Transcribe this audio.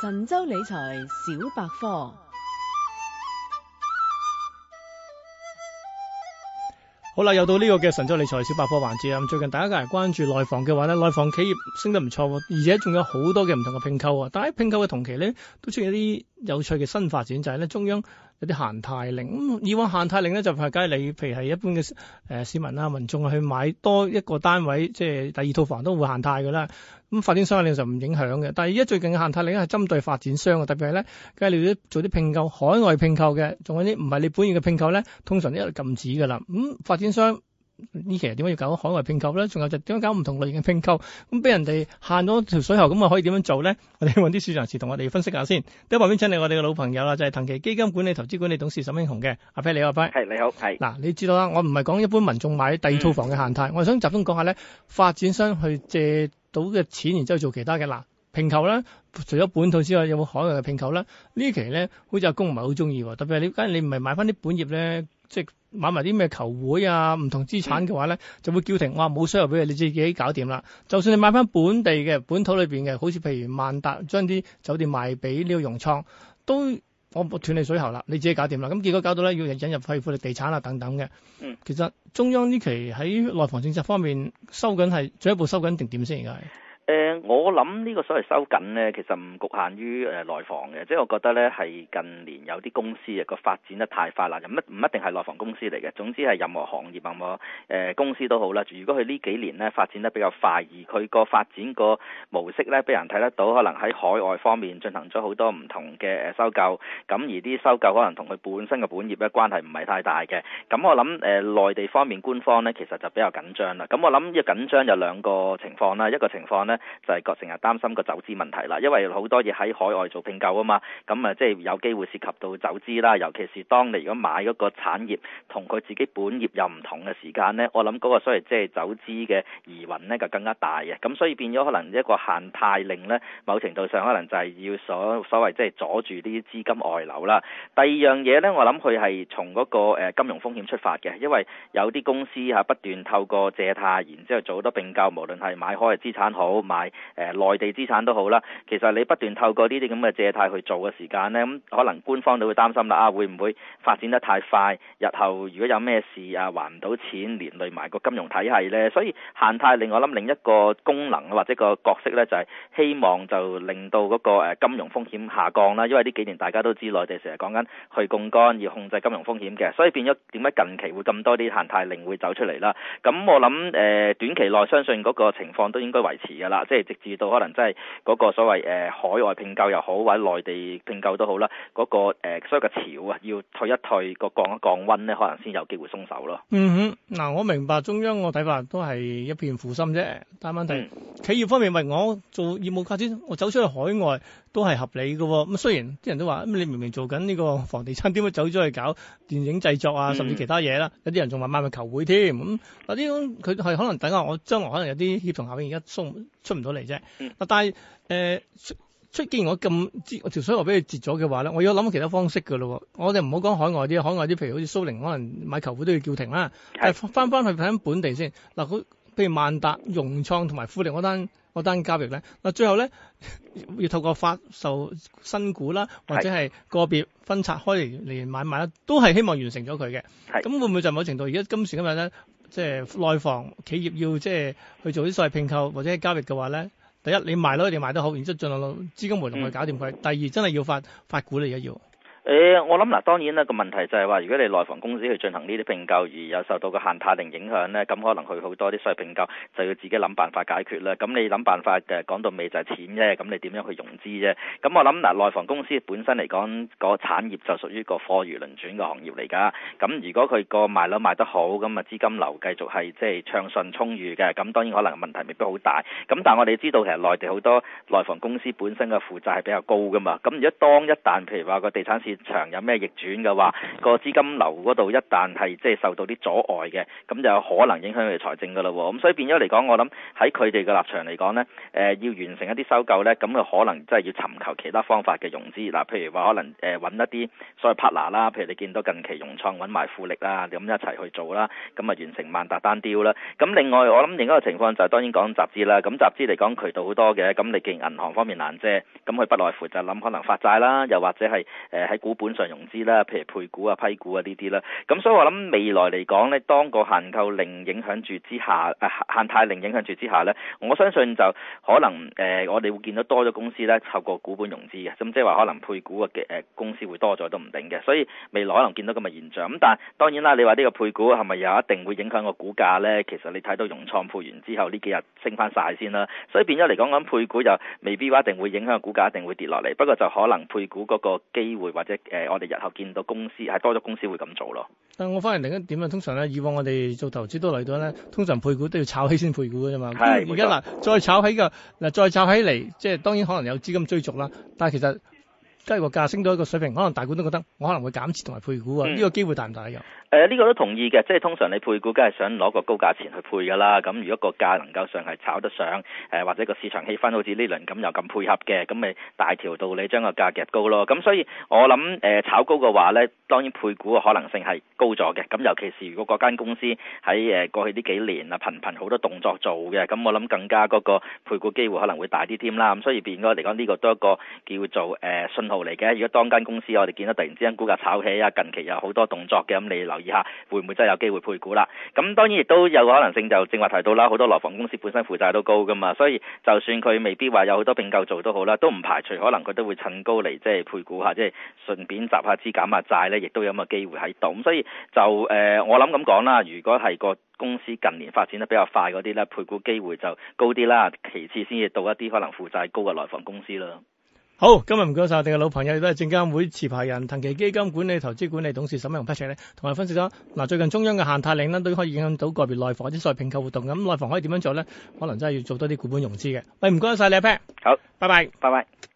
神州理財小百科，好啦，又到呢個嘅神州理財小百科環節啊！咁最近大家梗係關注內房嘅話咧，內房企業升得唔錯，而且仲有好多嘅唔同嘅併購啊！但係喺併購嘅同期咧，都出現一啲有趣嘅新發展，就係咧中央。有啲限貸令，咁以往限貸令咧就係梗係你，譬如係一般嘅，誒、呃、市民啊民眾去買多一個單位，即係第二套房都會限貸噶啦。咁、嗯、發展商咧就唔影響嘅，但係而家最近嘅限貸令係針對發展商嘅，特別係咧，梗係你啲做啲併購、海外併購嘅，仲有啲唔係你本意嘅併購咧，通常都度禁止噶啦。咁、嗯、發展商。呢期點解要搞海外併購咧？仲有就點樣搞唔同類型嘅併購？咁俾人哋限咗條水喉咁，可以點樣做咧？我哋揾啲專業人士同我哋分析下先。喺旁邊請你，我哋嘅老朋友啦，就係騰資祺基金管理、投資管理董事沈慶洪嘅阿 s 你好，阿、P、s 係你好。嗱、啊，你知道啦，我唔係講一般民眾買第二套房嘅限貸，嗯、我係想集中講下咧，發展商去借到嘅錢，然之後做其他嘅嗱。併購咧，除咗本土之外，有冇海外嘅併購咧？期呢期咧，好似阿公唔係好中意，特別係你，梗係你唔係買翻啲本業咧，即係買埋啲咩球會啊，唔同資產嘅話咧，嗯、就會叫停。哇，冇水喉俾你，你自己搞掂啦。就算你買翻本地嘅本土裏邊嘅，好似譬如萬達將啲酒店賣俾呢個融創，都我斷你水喉啦，你自己搞掂啦。咁結果搞到咧要引入富力嘅地產啊等等嘅。嗯、其實中央呢期喺內房政策方面收緊係進一步收緊定點先而家？誒、呃，我諗呢個所謂收緊呢，其實唔局限於誒、呃、內房嘅，即係我覺得呢，係近年有啲公司啊個發展得太快啦，又唔一唔一定係內房公司嚟嘅。總之係任何行業啊，任何誒、呃、公司都好啦。如果佢呢幾年呢發展得比較快，而佢個發展個模式呢，俾人睇得到，可能喺海外方面進行咗好多唔同嘅誒收購，咁、呃、而啲收購可能同佢本身嘅本業呢關係唔係太大嘅。咁我諗誒內地方面官方呢，其實就比較緊張啦。咁、呃、我諗一緊張有兩個情況啦，一個情況呢。就係覺成日擔心個走資問題啦，因為好多嘢喺海外做並購啊嘛，咁啊即係有機會涉及到走資啦，尤其是當你如果買嗰個產業同佢自己本業又唔同嘅時間呢。我諗嗰個所謂即係走資嘅疑雲呢，就更加大嘅，咁所以變咗可能一個限貸令呢某程度上可能就係要所所謂即係阻住啲資金外流啦。第二樣嘢呢，我諗佢係從嗰個金融風險出發嘅，因為有啲公司嚇不斷透過借貸，然之後做好多並購，無論係買開資產好，埋誒內地資產都好啦，其實你不斷透過呢啲咁嘅借貸去做嘅時間呢，咁可能官方都會擔心啦，啊會唔會發展得太快？日後如果有咩事啊還唔到錢，連累埋個金融體系呢。所以限貸令我諗另一個功能或者個角色呢，就係希望就令到嗰個金融風險下降啦，因為呢幾年大家都知內地成日講緊去槓桿，要控制金融風險嘅，所以變咗點解近期會咁多啲限貸令會走出嚟啦？咁我諗誒短期內相信嗰個情況都應該維持嘅。啦，即係直至到可能真係嗰個所謂誒、呃、海外併購又好，或者內地併購都好啦，嗰、那個、呃、所有嘅潮啊，要退一退個降一降溫咧，可能先有機會鬆手咯。嗯哼，嗱，我明白中央嘅睇法都係一片苦心啫，但問題、嗯、企業方面，我做業務發展，我走出去海外。都係合理嘅，哦，咁雖然啲人都話，嗯、你明明做緊呢個房地產，點解走咗去搞電影製作啊，甚至其他嘢啦？嗯，有啲人仲話買咪球會添咁。嗱，呢種佢係可能等下我將來可能有啲協同效益，而家鬆出唔到嚟啫。但係誒，呃、出出現我咁，我條水喉俾佢截咗嘅話咧，我要諗其他方式嘅咯。我哋唔好講海外啲，海外啲譬如好似蘇寧，可能買球會都要叫停啦。係，翻翻去睇本地先。嗱，佢，啊、譬如萬達、融創同埋富力嗰單。個單交易咧，嗱最後咧， 要透過發售新股啦，或者係個別分拆開嚟嚟買賣啦，都係希望完成咗佢嘅。咁 會唔會就某程度而家今時今日咧，即係內房企業要即係去做啲所謂併購或者交易嘅話咧，第一你賣咯，你賣得好，然之後盡量資金回流去搞掂佢；嗯、第二真係要發發股啦，而家要。誒、欸，我諗嗱，當然啦，個問題就係話，如果你內房公司去進行呢啲併購，而有受到個限貸令影響呢，咁可能佢好多啲所謂併購就要自己諗辦法解決啦。咁你諗辦法嘅講到尾就係錢啫，咁你點樣去融資啫？咁我諗嗱、呃，內房公司本身嚟講，個產業就屬於個貨如輪轉嘅行業嚟噶。咁如果佢個賣樓賣得好，咁啊資金流繼續係即係暢順充裕嘅，咁當然可能問題未必好大。咁但係我哋知道，其實內地好多內房公司本身嘅負債係比較高噶嘛。咁如果當一旦譬如話個地產場有咩逆轉嘅話，個資金流嗰度一旦係即係受到啲阻礙嘅，咁就可能影響佢哋財政噶啦喎。咁所以變咗嚟講，我諗喺佢哋嘅立場嚟講呢，誒要完成一啲收購呢，咁佢可能真係要尋求其他方法嘅融資嗱，譬如話可能誒揾一啲所謂 partner 啦，譬如你見到近期融創揾埋富力啦，咁一齊去做啦，咁啊完成萬達單刁啦。咁另外我諗另一個情況就當然講集資啦，咁集資嚟講渠道好多嘅，咁你既然銀行方面難啫，咁佢不外乎就諗可能發債啦，又或者係誒喺股本上融資啦，譬如配股啊、批股啊呢啲啦，咁所以我諗未來嚟講呢，當個限購令影響住之下，誒、啊、限限貸令影響住之下呢，我相信就可能誒、呃，我哋會見到多咗公司呢，透過股本融資嘅，咁即係話可能配股嘅誒、呃、公司會多咗都唔定嘅，所以未來可能見到咁嘅現象。咁但係當然啦，你話呢個配股係咪有一定會影響個股價呢？其實你睇到融創配完之後呢幾日升翻晒先啦，所以變咗嚟講，咁配股就未必話一定會影響股價，一定會跌落嚟。不過就可能配股嗰個機會或即誒，我哋日後見到公司係多咗公司會咁做咯。但我反而另一點啊，通常咧，以往我哋做投資都嚟到咧，通常配股都要炒起先配股嘅啫嘛。係。而家嗱，再炒起㗎嗱，再炒起嚟，即係當然可能有資金追逐啦。但係其實個股價升到一個水平，可能大股都覺得我可能會減持同埋配股啊。呢 個機會大唔大啊？誒、呃、呢個都同意嘅，即係通常你配股梗係想攞個高價錢去配㗎啦。咁如果個價能夠上係炒得上，誒、呃、或者個市場氣氛好似呢輪咁又咁配合嘅，咁咪大條道理將個價夾高咯。咁所以我諗誒、呃、炒高嘅話呢，當然配股嘅可能性係高咗嘅。咁尤其是如果嗰間公司喺誒過去呢幾年啊頻頻好多動作做嘅，咁我諗更加嗰個配股機會可能會大啲添啦。咁所以變咗嚟講，呢、這個都係一個叫做誒、呃、信號嚟嘅。如果當間公司我哋見到突然之間股價炒起啊，近期有好多動作嘅，咁你留。以下會唔會真係有機會配股啦？咁當然亦都有可能性，就正話提到啦，好多內房公司本身負債都高噶嘛，所以就算佢未必話有好多並購做都好啦，都唔排除可能佢都會趁高嚟即係配股下，即係順便集下資減下債呢，亦都有咁嘅機會喺度。咁所以就誒、呃，我諗咁講啦，如果係個公司近年發展得比較快嗰啲呢，配股機會就高啲啦。其次先至到一啲可能負債高嘅內房公司啦。好，今日唔該晒我哋嘅老朋友，亦都係證監會持牌人騰資祺基金管理投資管理董事沈慶洪。Patrick 咧，同我哋分析咗嗱，最近中央嘅限貸令呢，都可以影響到個別內房一啲所謂併購活動咁，內房可以點樣做咧？可能真係要做多啲股本融資嘅。喂，唔該晒你阿 Pat，好，拜拜，拜拜。拜拜。